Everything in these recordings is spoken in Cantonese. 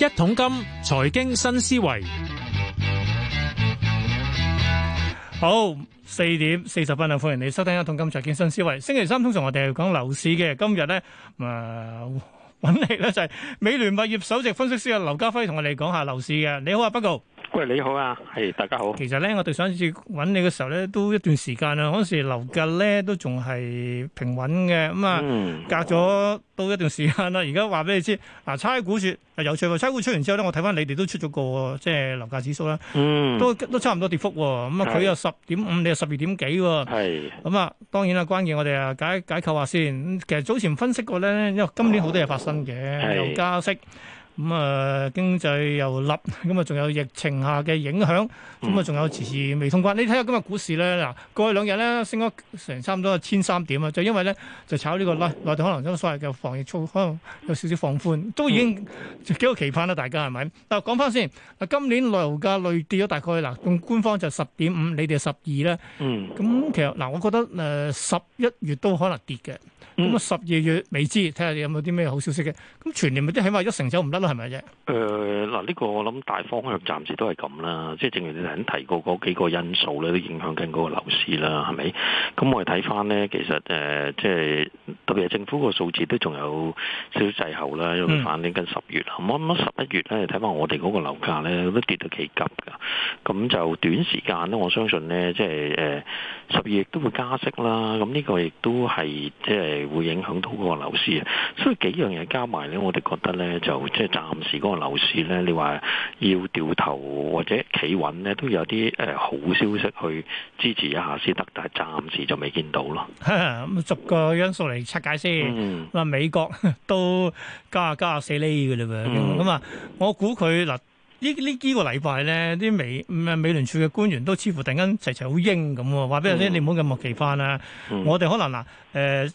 一桶金財經新思維，好，四點四十分啊！歡迎你收聽一桶金財經新思維。星期三通常我哋係講樓市嘅，今日咧，咁啊揾嚟咧就係美聯物業首席分析師啊劉嘉輝同我哋講下樓市嘅。你好啊，Bro。喂，你好啊，係，大家好。其實咧，我哋上次揾你嘅時候咧，都一段時間啦。嗰時樓價咧都仲係平穩嘅，咁啊，隔咗都一段時間啦。而家話俾你知，嗱，差估署出係有趣喎。差估署出完之後咧，我睇返你哋都出咗個即係樓價指數啦，都都差唔多跌幅。咁啊，佢又十點五，你又十二點幾。係。咁啊，當然啦，關鍵我哋啊解解構下先。其實早前分析過咧，因為今年好多嘢發生嘅，又加息。咁啊，經濟又冧，咁啊，仲有疫情下嘅影響，咁啊，仲有遲遲未通關。你睇下今日股市咧，嗱，過去兩日咧升咗成差唔多千三點啊，就因為咧就炒呢個內內地可能將所謂嘅防疫措施可能有少少放寬，都已經幾好期盼啦，大家係咪？嗱，講翻先，嗱，今年內樓價累跌咗大概嗱，用官方就十點五，你哋十二咧，嗯，咁其實嗱，我覺得誒十一月都可能跌嘅，咁啊十二月未知，睇下有冇啲咩好消息嘅，咁全年咪都起碼一成走唔甩啦。係咪啫？誒，嗱、呃，呢、這個我諗大方向暫時都係咁啦，即、就、係、是、正如你頭先提過嗰幾個因素咧，都影響緊嗰個樓市啦，係咪？咁我哋睇翻咧，其實誒，即係特別係政府個數字都仲有少少滯後啦，因為反映緊十月，咁啱啱十一月咧，睇翻我哋嗰個樓價咧都跌到幾急噶，咁就短時間咧，我相信咧，即係誒，十二月都會加息啦，咁呢個亦都係即係會影響到嗰個樓市啊，所以幾樣嘢加埋咧，我哋覺得咧就即係。暫時嗰個樓市咧，你話要掉頭或者企穩咧，都有啲誒、呃、好消息去支持一下先得，但係暫時就未見到咯。咁 逐個因素嚟拆解先。嗱、嗯，美國都加下加下四厘嘅啫噃。咁啊、嗯，我估佢嗱呢呢呢幾個禮拜咧，啲美咩美聯儲嘅官員都似乎突然間齊齊好鷹咁，話俾、嗯、你聽你唔好咁默企翻啦。我哋、嗯嗯、可能嗱誒、呃、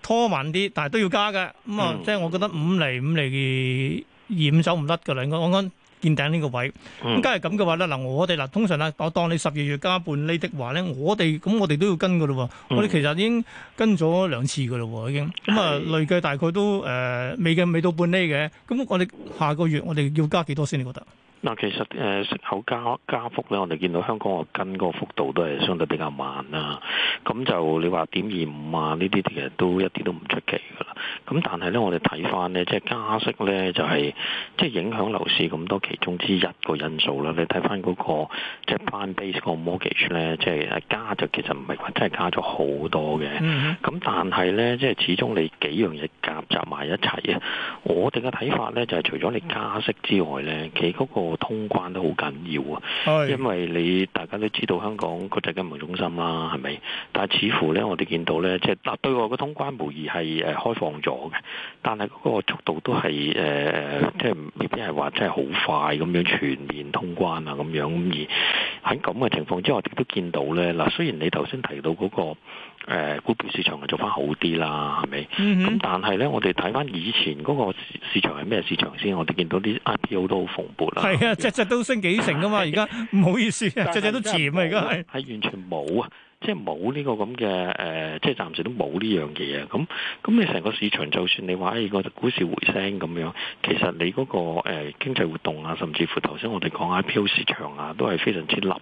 拖慢啲，但係都要加嘅。咁、嗯、啊、嗯，即係我覺得五厘、五厘嘅。染走唔甩噶啦，我講緊見頂呢個位。咁梗係咁嘅話咧，嗱我哋嗱通常咧，我當你十二月加半厘的話咧，我哋咁我哋都要跟噶咯。我哋其實已經跟咗兩次噶咯，已經。咁、嗯、啊，是累計大概都誒、呃、未嘅，未到半厘嘅。咁我哋下個月我哋要加幾多先？你覺得？嗱，其實誒、呃、息口加加幅咧，我哋見到香港個跟個幅度都係相對比較慢啦。咁就你話點二五啊，2, 5，啊呢啲其實都一啲都唔出奇噶啦。咁但係咧，我哋睇翻咧，即係加息咧就係即係影響樓市咁多其中之一個因素啦。你睇翻嗰個即係翻 base 個 mortgage 咧，即係加就其實唔係話真係加咗好多嘅。咁但係咧，即係始終你幾樣嘢夾雜埋一齊啊。我哋嘅睇法咧就係、是、除咗你加息之外咧，其嗰、那個通關都好緊要啊，因為你大家都知道香港國際金融中心啦，係咪？但係似乎呢，我哋見到呢，即係嗱，對外嘅通關無疑係誒開放咗嘅，但係嗰個速度都係誒，即係未必係話真係好快咁樣全面通關啊咁樣。咁而喺咁嘅情況之下，我哋都見到呢。嗱，雖然你頭先提到嗰個。誒股票市場係做翻好啲啦，係咪？咁、嗯、哼但係咧，我哋睇翻以前嗰個市場係咩市場先？我哋見到啲 IPO 都好蓬勃啦，係啊，只只都升幾成噶嘛，而家唔好意思，只只 都潛啊，而家係係完全冇啊。即係冇呢個咁嘅誒，即係暫時都冇呢樣嘢啊！咁咁你成個市場，就算你話誒個股市回升咁樣，其實你嗰、那個誒、呃、經濟活動啊，甚至乎頭先我哋講下 IPO 市場啊，都係非常之凹。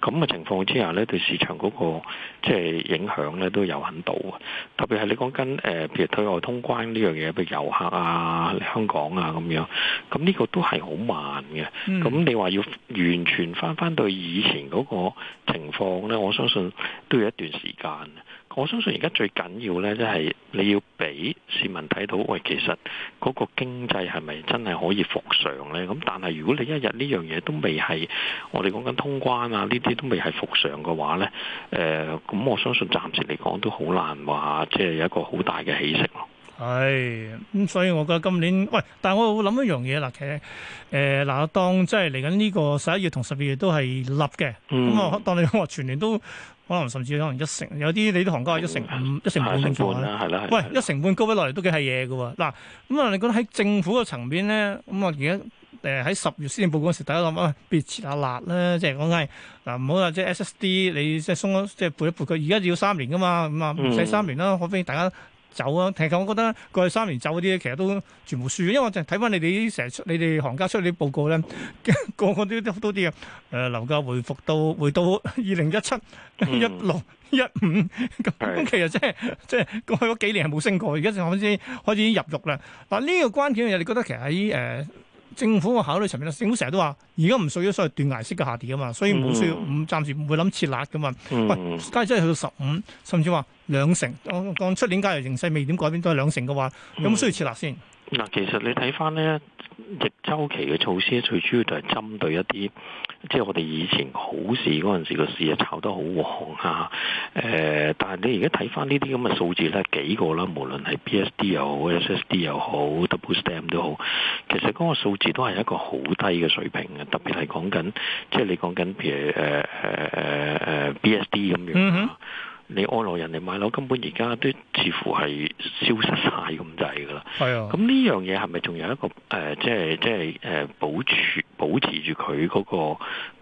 咁嘅情況之下呢，對市場嗰、那個即係影響呢，都有很到啊！特別係你講緊誒、呃，譬如退外通關呢樣嘢，譬如遊客啊、香港啊咁樣，咁呢個都係好慢嘅。咁、嗯、你話要完全返返到以前嗰個情況呢，我相信。都要一段時間。我相信而家最緊要呢，即係你要俾市民睇到，喂，其實嗰個經濟係咪真係可以復常呢？咁但係如果你一日呢樣嘢都未係，我哋講緊通關啊，呢啲都未係復常嘅話呢，誒、呃，咁我相信暫時嚟講都好難話，即係有一個好大嘅起色咯。係，咁所以我覺得今年，喂，但係我會諗一樣嘢啦，其實，誒，嗱，當即係嚟緊呢個十一月同十二月都係立嘅，咁我當你話全年都。可能甚至可能一成，有啲你啲行家係一成五、 是一成半咁啊！喂、嗯，一成半高位落嚟都幾係嘢嘅喎。嗱，咁啊，你覺得喺政府個層面咧，咁啊而家誒喺十月先報告時，大家諗啊，別切下辣啦，即係講緊嗱，唔好話即係 S S D，你即係鬆即係背一背佢，而家要三年噶嘛，咁啊唔使三年啦，可唔可以大家？走啊！其實，我覺得過去三年走嗰啲，其實都全部輸。因為我淨係睇翻你哋啲成日出，你哋行家出嚟啲報告咧，個個都都多啲嘅。誒、呃、樓價回復到回到二零一七、一六、一五咁，其實即係即係過去嗰幾年係冇升過，而家就開始開始已經入獄啦。嗱、啊，呢、這個關鍵嘅嘢，你覺得其實喺誒？呃政府嘅考慮層面，政府成日都話，而家唔屬於所謂斷崖式嘅下跌噶嘛，所以冇需要，嗯、暫時唔會諗撤辣噶嘛。嗯、喂，假如真係去到十五，甚至話兩成，當出年交易形勢未點改變都係兩成嘅話，有冇需要撤辣先？嗱，其實你睇翻呢，逆週期嘅措施，最主要就係針對一啲，即係我哋以前好市嗰陣時個市啊炒得好旺啊，誒、呃，但係你而家睇翻呢啲咁嘅數字呢幾個啦，無論係 B S D 又好 S S D 又好 Double Stamp 都好，其實嗰個數字都係一個好低嘅水平嘅，特別係講緊，即係你講緊譬如誒誒誒誒 B S D 咁樣。你按落人哋買樓，根本而家都似乎係消失晒咁滯㗎啦。係 啊，咁呢樣嘢係咪仲有一個誒、呃，即係即係誒、呃、保存？保持住佢嗰個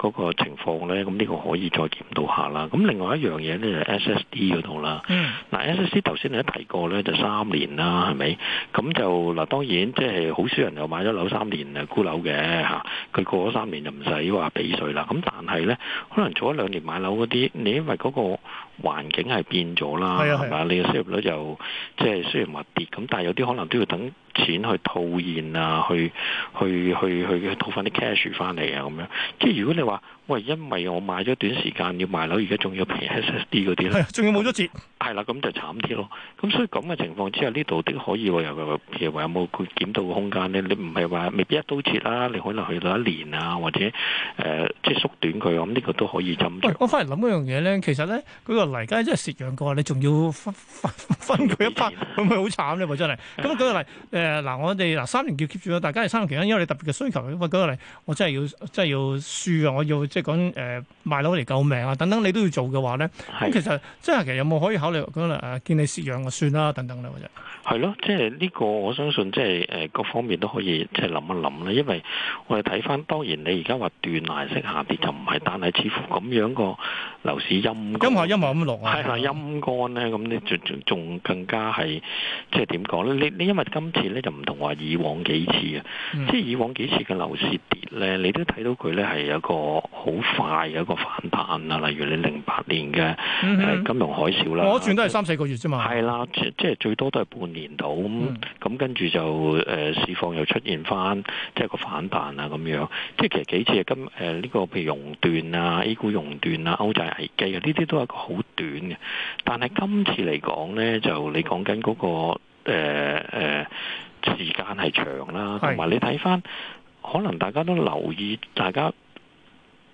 嗰個情況咧，咁呢個可以再檢討下啦。咁另外一樣嘢咧就 S S D 嗰度啦。嗯、嗱 S S D 頭先你都提過咧，就三年啦，係咪？咁就嗱當然即係好少人又買咗樓三年啊，沽樓嘅嚇，佢過咗三年就唔使話俾稅啦。咁但係咧，可能做咗兩年買樓嗰啲，你因為嗰個環境係變咗啦，係咪啊？吧你嘅收入率就即係雖然話跌，咁但係有啲可能都要等。錢去套現啊，去去去去套翻啲 cash 翻嚟啊，咁樣。即係如果你話喂，因為我買咗短時間要賣樓，而家仲要平 SSD 嗰啲咧，仲要冇咗折。係啦，咁就慘啲咯。咁所以咁嘅情況之下，呢度都可以又有冇佢檢到嘅空間咧？你唔係話未必一刀切啦，你可能去到一年啊，或者誒即係縮短佢，咁呢個都可以斟酌。我翻嚟諗一樣嘢咧，其實咧嗰個嚟緊真係蝕讓嘅你仲要分佢一筆，會唔會好慘咧？真係咁嗰個嚟誒嗱、呃，我哋嗱三年叫 keep 住大家係三年期因為你特別嘅需求，喂，講嚟，我真係要真係要輸啊，我要即係講誒賣樓嚟救命啊，等等，你都要做嘅話咧，咁的其實即係其實有冇可以考慮咁啦、呃，見你蝕樣啊，算啦，等等啦，其實係咯，即係呢、呢個我相信即係誒各方面都可以即係諗一諗啦，因為我哋睇翻，當然你而家話斷崖式下跌就唔係，但係似乎咁樣個樓市陰，陰啊的的陰啊陰落啊，係係陰乾咧，咁咧仲仲仲更加係即係點講咧？你你因為今次。咧就唔同話以往幾次啊，嗯、即係以往幾次嘅樓市跌咧，你都睇到佢咧係一個好快嘅一個反彈啊！例如你零八年嘅金融海嘯啦，我轉都係三四個月啫嘛，係啦，即係最多都係半年度。咁、嗯，咁、嗯、跟住就誒、呃、市況又出現翻即係個反彈啊咁樣。即係其實幾次今誒呢、呃這個譬如熔斷啊、A 股熔斷啊、歐債危機啊，呢啲都係一個好短嘅。但係今次嚟講咧，就你講緊嗰個。誒誒、呃，時間係長啦，同埋是你睇翻，可能大家都留意，大家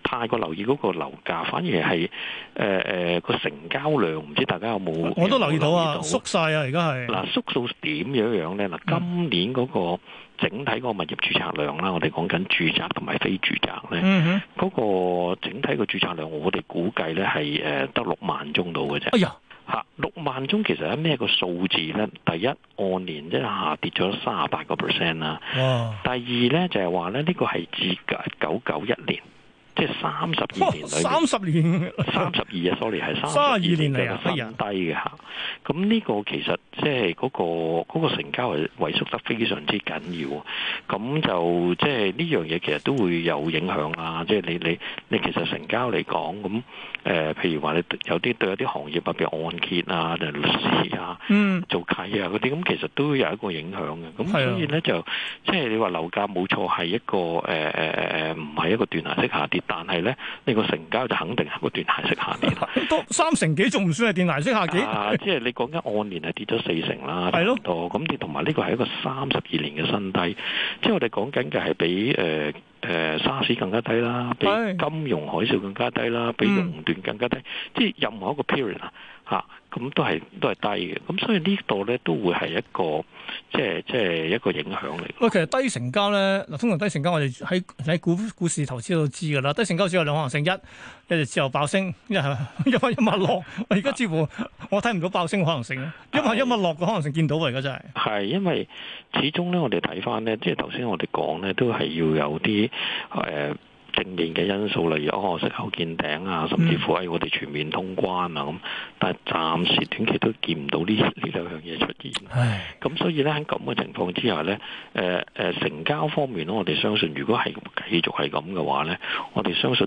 太過留意嗰個樓價，反而係誒誒個成交量，唔知大家有冇？我都留意到啊，縮晒啊，而家係嗱，縮、呃、到點樣樣咧？嗱、呃，今年嗰個整體個物業注冊量啦，我哋講緊住宅同埋非住宅咧，嗰、嗯、哼個整體個注冊量，我哋估計咧係誒得六萬宗度嘅啫。哎啊、六萬宗其實係咩個數字呢？第一，按年即下跌咗三十八個 percent 啦。哇第二呢，就係話咧呢、呢個係自九九一年。即係三十二年嚟、哦，三十年，三十二啊！sorry，係三十二年嚟啊，真係 年低嘅嚇。咁呢、哎、呀個其實即係嗰個嗰個成交係萎縮得非常之緊要。咁就即係呢樣嘢其實都會有影響啊！即、就、係、是、你你你其實成交嚟講咁誒，譬、呃、如話你有啲對一啲行業，特別按揭啊、定律師啊、嗯、做契啊嗰啲，咁其實都有一個影響嘅。咁所以咧就即係你話樓價冇錯係一個誒誒誒唔係一個斷崖式下跌。但係咧，呢個成交就肯定係個斷崖式下跌。 三成幾仲唔算係斷崖式下跌？ 啊，即係你講緊按年係跌咗四成啦，的多咁同埋呢個係一個三十二年嘅新低。即係我哋講緊嘅係比誒誒、呃呃、沙士更加低啦，比金融海嘯更加低啦，的比熔斷更加低。嗯、即係任何一個 period 啊，嚇、啊。咁都係都係低嘅，咁所以呢度咧都會係一個即係即係一個影響嚟。喂，其實低成交咧，嗱，通常低成交我哋喺喺股股市投資都知噶啦。低成交只有兩可能性：一，一係自由爆升； 一係一忽一忽落。而家 似乎我睇唔到爆升可能性，因為一物落嘅可能性見到啊！而家真係。係因為始終咧，我哋睇翻咧，即係頭先我哋講咧，都係要有啲誒。呃正面嘅因素，例如哦，息口見頂啊，甚至乎喺我哋全面通關啊咁，但係暫時短期都見唔到呢呢兩樣嘢出現。咁所以咧喺咁嘅情況之下咧，誒誒成交方面咧，我哋相信如果係繼續係咁嘅話咧，我哋相信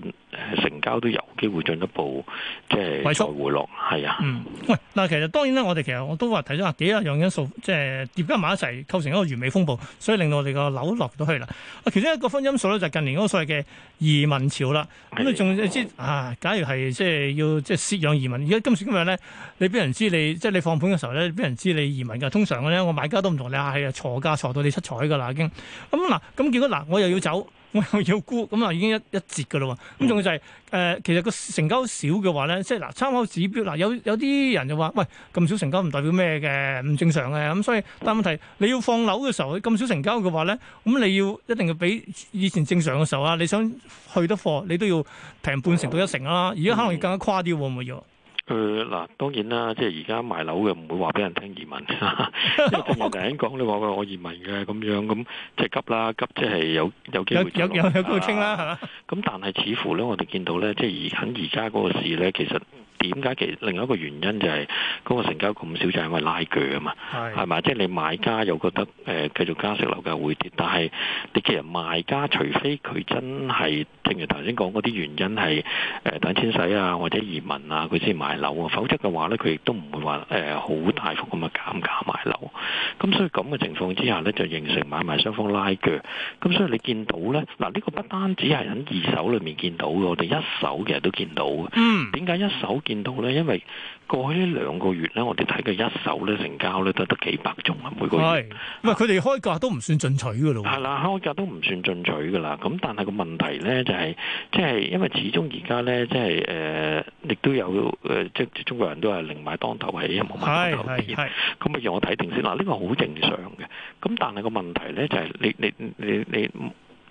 成交都有機會進一步即係再回落。係啊，嗯，喂，嗱，其實當然啦，我哋其實我都話睇咗話幾啊樣因素，即係疊加埋一齊構成一個完美風暴，所以令到我哋個樓落咗去啦。其中一個分因素咧就係近年嗰個所謂嘅。移民潮啦，咁你仲知啊？假如係即係要即係攝養移民，而家今時今日咧，你俾人知你即係你放盤嘅時候咧，俾人知你移民㗎。通常嘅咧，我買家都唔同你係啊，鋤、哎、價鋤到你七彩㗎啦已經。咁、嗯、嗱，咁、啊、結果嗱、啊，我又要走。我又要沽咁啊， 已經一一截嘅啦嘛。咁仲要就係、是、誒、呃，其實個成交少嘅話咧，即係嗱參考指標嗱，有有啲人就話喂，咁少成交唔代表咩嘅，唔正常嘅。咁所以，但問題你要放樓嘅時候，咁少成交嘅話咧，咁你要一定要比以前正常嘅時候啊，你想去得貨，你都要平半成到一成啦。而家可能要更加誇啲喎，唔會。誒，嗱、呃，當然啦，即係而家賣樓嘅唔會話俾人聽移民，一陣人嚟講 你話喂我移民嘅咁樣咁，即係急啦，急即係有有機會 有有有高升啦，咁 但係似乎咧，我哋見到咧，即係而近而家嗰個市咧，其實。點解其另外一個原因就係、是、嗰、那個成交咁少，就係、是、因為拉鋸啊嘛，係咪的？即係、就是、你買家又覺得誒、呃、繼續加息樓價會跌，但係你其實賣家除非佢真係正如頭先講嗰啲原因係誒等錢使啊，或者移民啊，佢先買樓啊，否則嘅話咧佢亦都唔會話誒好大幅咁啊減價賣樓。咁所以咁嘅情況之下咧就形成買賣雙方拉鋸。咁所以你見到咧嗱，呢、這個不單止係喺二手裏面見到嘅，我哋一手其實都見到嘅。點解、嗯、一手見？到咧，因為過去呢兩個月咧，我哋睇佢一手咧成交咧都得幾百宗啊，每個月。係，唔係佢哋開價都唔算進取嘅咯。係啦，開價都唔算進取嘅啦。咁但係個問題咧就係，即係因為始終而家咧，即係誒，亦都有誒，即係中國人都係寧買當頭係冇問題嘅。係係係。咁不如我睇定先啦，呢個好正常嘅。咁但係個問題咧就係，你你你你。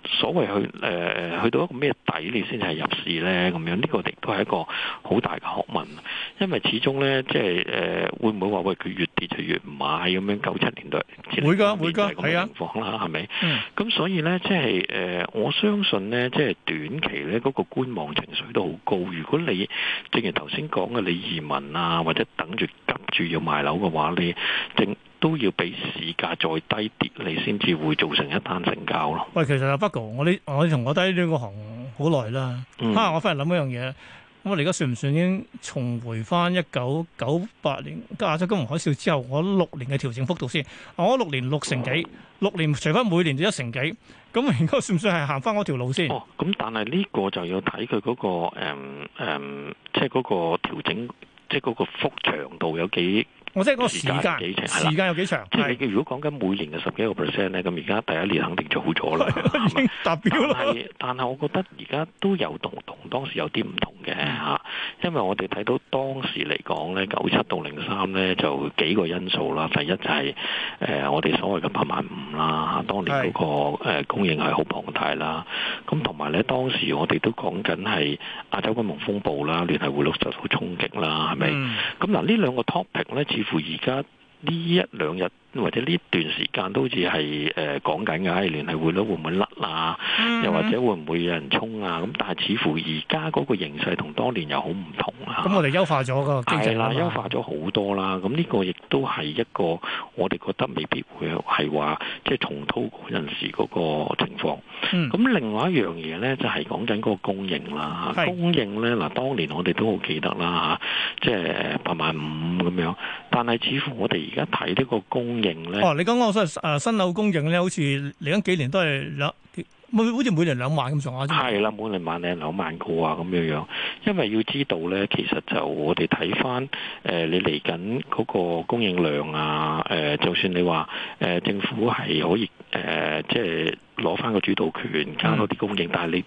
所謂去誒誒、呃、去到一個咩底你先至係入市咧咁樣，呢、這個亦都係一個好大嘅學問，因為始終咧即係誒、呃、會唔會話喂佢越跌就越唔買咁樣，九七年代、千零年代咁嘅情況啦，係咪的？咁所以咧即係誒、呃、我相信咧即係短期咧嗰、那個觀望情緒都好高。如果你正如頭先講嘅你移民啊，或者等住急住要賣樓嘅話，你正。都要比市價再低啲，你先至會造成一單成交咯。喂，其實阿 Bago，我呢，我同我睇呢個行好耐啦。嚇，我忽然諗一樣嘢，咁我哋而家算唔算已經重回翻一九九八年亞洲金融海嘯之後嗰六年嘅調整幅度先？我六年六成幾，六年除翻每年就一成幾，咁而家算唔算係行翻嗰條路先？哦，咁但係呢個就要睇佢嗰個誒誒，即係嗰個調整，即係嗰個幅長度有幾？我即係嗰個時間，時長，了時間有幾長，即係了如果講緊每年嘅十幾個 percent 咧，咁而家第一年肯定就好咗啦，已經達標啦。但係是 我覺得而家都有同同當時有啲唔同。嘅嚇，嗯、因為我哋睇到當時嚟講咧，九七到零三咧就幾個因素啦。第一就係、是、誒、呃、我哋所謂嘅八萬五啦，當年嗰、那個是、呃、供應係好龐大啦。咁同埋咧，當時我哋都講緊係亞洲金融風暴啦，聯繫匯率就好衝擊啦，係咪？咁嗱、嗯，呢、嗯、兩個 topic 咧，似乎而家呢一兩日。或者呢段時間都好似係誒講緊嘅，聯繫匯率會唔會甩啊？又或者會唔會有人衝啊？咁但係似乎而家嗰個形勢同當年又好唔同啦。咁我哋優化咗個經濟啦，的優化咗好多啦。咁呢的個亦都係一個我哋覺得未必會係話即係重蹈嗰陣時嗰個情況。咁、嗯、另外一樣嘢咧，就係、是、講緊嗰個供應啦。的供應咧嗱，當年我哋都好記得啦，即係八萬五咁樣。但係似乎我哋而家睇呢個供應哦，你剛剛講誒新樓供應咧，好似嚟緊幾年都係兩，每好似每年兩萬咁上下啫。係啦，每年萬零兩萬個啊，咁樣樣。因為要知道咧，其實就我哋睇翻誒，你嚟緊嗰個供應量啊，誒、呃，就算你話誒、呃、政府係可以誒、呃，即係攞翻個主導權加多啲供應，但係你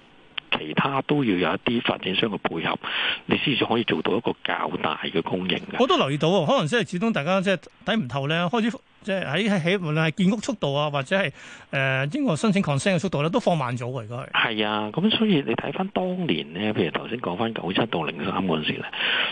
其他都要有一啲發展商嘅配合，你先至可以做到一個較大嘅供應嘅。我都留意到，可能即係始終大家即係睇唔透咧，開始。即係喺喺，無論係建屋速度啊，或者係誒、呃、英國申請 concern 嘅速度咧，都放慢咗喎，應該係。係啊，咁所以你睇翻當年咧，譬如頭先講翻九七到零三嗰陣時咧，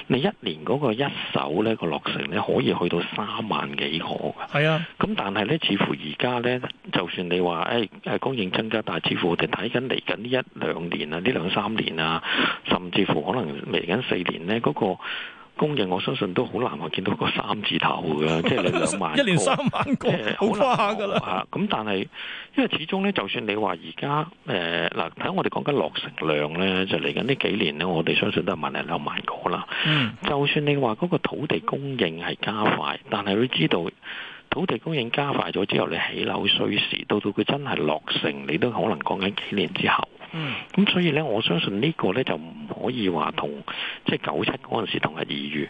你一年嗰個一手咧個落成咧，可以去到三萬幾個㗎。係啊，咁但係咧，似乎而家咧，就算你話誒誒供應增加，但係似乎我哋睇緊嚟緊呢一兩年啊，呢兩三年啊，甚至乎可能嚟緊四年咧嗰、那個。供應我相信都好難話見到個三字頭嘅，即係你兩萬， 一年三萬個，好花㗎啦。咁但係，因為始終呢，就算你話而家誒嗱，睇、呃、我哋講緊落成量呢，就嚟緊呢幾年呢，我哋相信都係萬零兩萬個啦。 就算你話嗰個土地供應係加快，但係你知道土地供應加快咗之後，你起樓需時，到到佢真係落成，你都可能講緊幾年之後。嗯，咁所以咧，我相信呢個咧就唔可以話同即係九七陣時同日而語，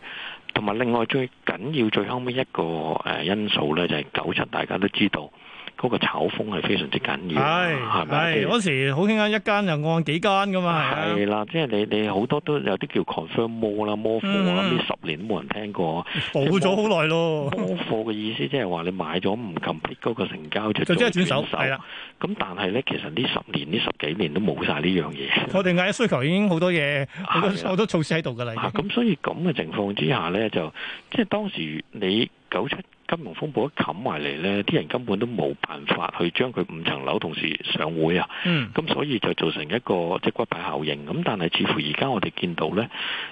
同埋另外最緊要最後屘一個誒因素咧就係九七大家都知道。嗰個炒風係非常之緊要，係咪？嗰時好興啊，一間就按幾間噶嘛，係啊！係啦，即係你你好多都有啲叫 confirm m 摩啦，摩貨啊，呢十年都冇人聽過，冇咗好耐咯。摩貨嘅意思即係話你買咗唔撳啲嗰個成交就即係轉手，係啦。咁但係咧，其實呢十年呢十幾年都冇晒呢樣嘢。我哋嗌需求已經好多嘢好多措施喺度噶啦。咁所以咁嘅情況之下咧，就即係當時你九七。金融風暴一冚埋嚟，咧，啲人根本都冇辦法去將佢五層樓同時上會啊！咁、嗯、所以就造成一個即骨牌效應。咁但係似乎而家我哋見到咧，誒、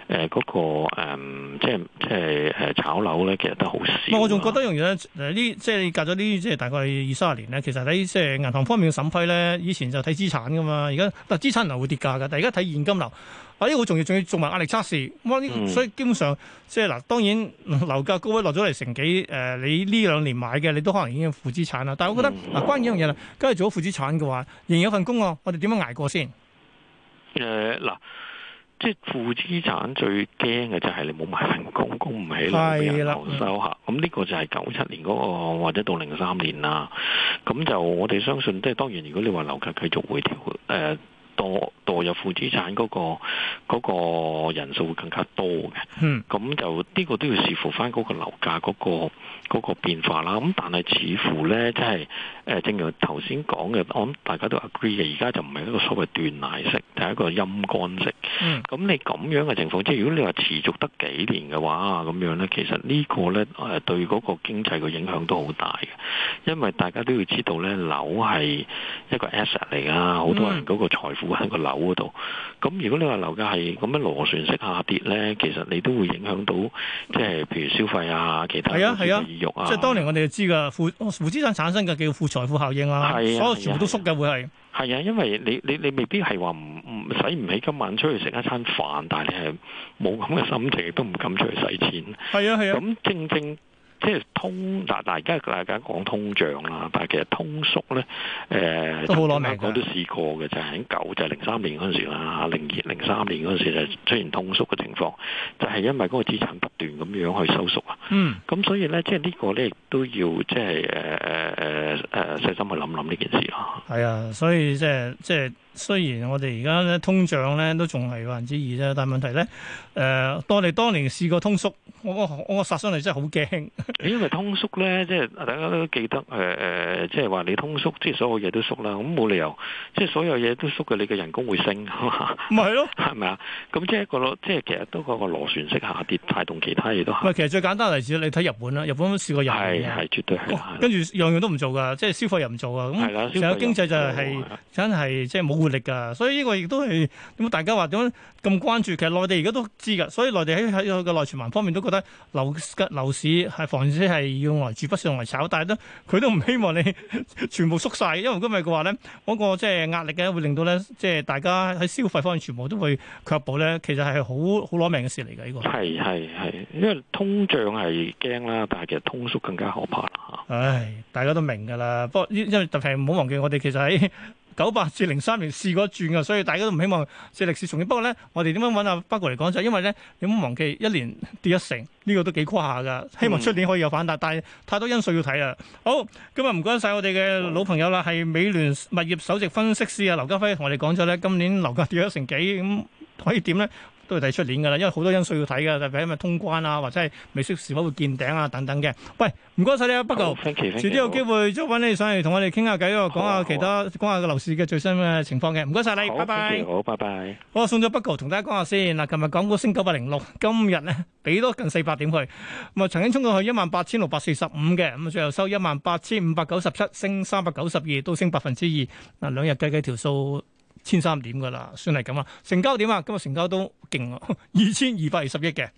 呃、嗰、那個誒、嗯、即即係誒炒樓咧，其實都好少。我仲覺得容易誒呢即係隔咗呢，即係大概二三十年咧，其實喺即係銀行方面嘅審批咧，以前就睇資產噶嘛，而家嗱資產樓會跌價嘅，但係而家睇現金流。呢個好重要，仲要做埋壓力測試。嗯、所以基本上即係嗱，當然樓價高位落咗嚟成幾誒、呃，你呢兩年買嘅，你都可能已經有負資產啦。但係我覺得嗱、嗯啊，關於呢樣嘢啦，梗係做咗負資產嘅話，仍然有份工啊，我哋點樣捱過先？誒嗱、呃，即係負資產最驚嘅就係你冇埋份工，供唔起啦，俾人收下。咁呢的、嗯、個就係九七年嗰、那個或者到零三年啦。咁就我哋相信，即係當然，如果你話樓價繼續回調，誒、呃。墮墮入負資產嗰、那個嗰、那個人數會更加多嘅，咁就呢個都要視乎翻嗰個樓價嗰、那個那個變化啦。咁但係似乎咧，即係誒正如頭先講嘅，我、嗯、諗大家都 agree 嘅，而家就唔係一個所謂斷奶式，就係一個陰乾式。咁、嗯、你咁樣嘅情況，即係如果你話持續得幾年嘅話，咁樣呢，其實呢個呢，誒，對嗰個經濟嘅影響都好大嘅，因為大家都要知道呢樓係一個 asset 嚟噶，好多人嗰個財富喺個樓嗰度。咁、嗯、如果你話樓價係咁樣螺旋式下跌呢，其實你都會影響到，即係譬如消費啊，其他嘅費用。啊，即係當年我哋知噶，負資產產生嘅叫負財富效應啊所有全部都縮嘅會係。係啊，啊，啊，啊，因為你你你未必係話唔。使唔起今晚出去食一餐飯，但係你係冇咁嘅心情，亦都唔敢出去使錢。係啊係啊。咁、啊、正正即係通，但係而家大家講通脹啦，但係其實通縮咧，誒、呃，都好攞命。我都試過嘅，就喺、是、九，就係零三年嗰陣時啦，零二、零三年嗰陣時就出現通縮嘅情況，就係、是、因為嗰個資產不斷咁樣去收縮啊。嗯。咁所以咧，即係呢個咧，都要即係誒誒誒誒，細、呃呃、心去諗諗呢件事咯。係啊，所以即係即係。雖然我哋而家咧通脹咧都仲係百分之二啫，但係問題咧，誒當你當年試過通縮，我我殺傷力真係好驚。因為通縮咧，即係大家都記得誒誒、呃，即係話你通縮，即係所有嘢都縮啦。咁冇理由，即係所有嘢都縮嘅，你嘅人工會升啊係咯，係咪啊？咁即係一個囉，即係其實都嗰個螺旋式下跌，帶動其他嘢都，唔係，其實最簡單例子，你睇日本啦，日本試過又係係絕對係，跟住樣樣都唔做㗎，即係消費又唔做啊，咁成個經濟就係真係即係冇。的的活力噶，所以呢個亦都係點解大家話點咁關注？其實內地而家都知噶，所以內地喺喺個內循環方面都覺得樓樓市係房子係要來住不上嚟炒，但係都佢都唔希望你全部縮晒，因為今日嘅話咧嗰個即係壓力嘅會令到咧即係大家喺消費方面全部都會卻步咧，其實係好好攞命嘅事嚟嘅呢個係係係，因為通脹係驚啦，但係其實通縮更加可怕吓。唉，大家都明噶啦，不過因因為特別唔好忘記我哋其實喺。九八至零三年試過轉嘅，所以大家都唔希望借歷史重演。不過咧，我哋點樣揾阿北哥嚟講就因為咧，你唔好忘記一年跌一成呢、呢個都幾誇下㗎？希望出年可以有反彈，嗯、但係太多因素要睇啊！好，今日唔該晒我哋嘅老朋友啦，係美聯物業首席分析師啊，劉嘉輝同我哋講咗咧，今年樓價跌咗成幾咁、嗯，可以點咧？都會睇出年噶啦，因為好多因素要睇噶，特別係因為通關啊，或者係美息是否會見頂啊等等嘅。喂，唔該晒你啊，Bago，遲啲有機會再揾你上聊聊，上嚟同我哋傾下偈，又講下其他，講下個樓市嘅最新嘅情況嘅。唔該晒你，好拜拜。好，好，拜拜。我送咗 Bago 同大家講下先。嗱，琴日港股升九百零六，今日咧俾多近四百點去，咁啊曾經衝到去一萬八千六百四十五嘅，咁啊最後收一萬八千五百九十七，升三百九十二，都升百分之二。嗱，兩日計計條數。千三點噶啦，算係咁啊！成交點啊，今日成交都勁，二千二百二十億嘅。2, 2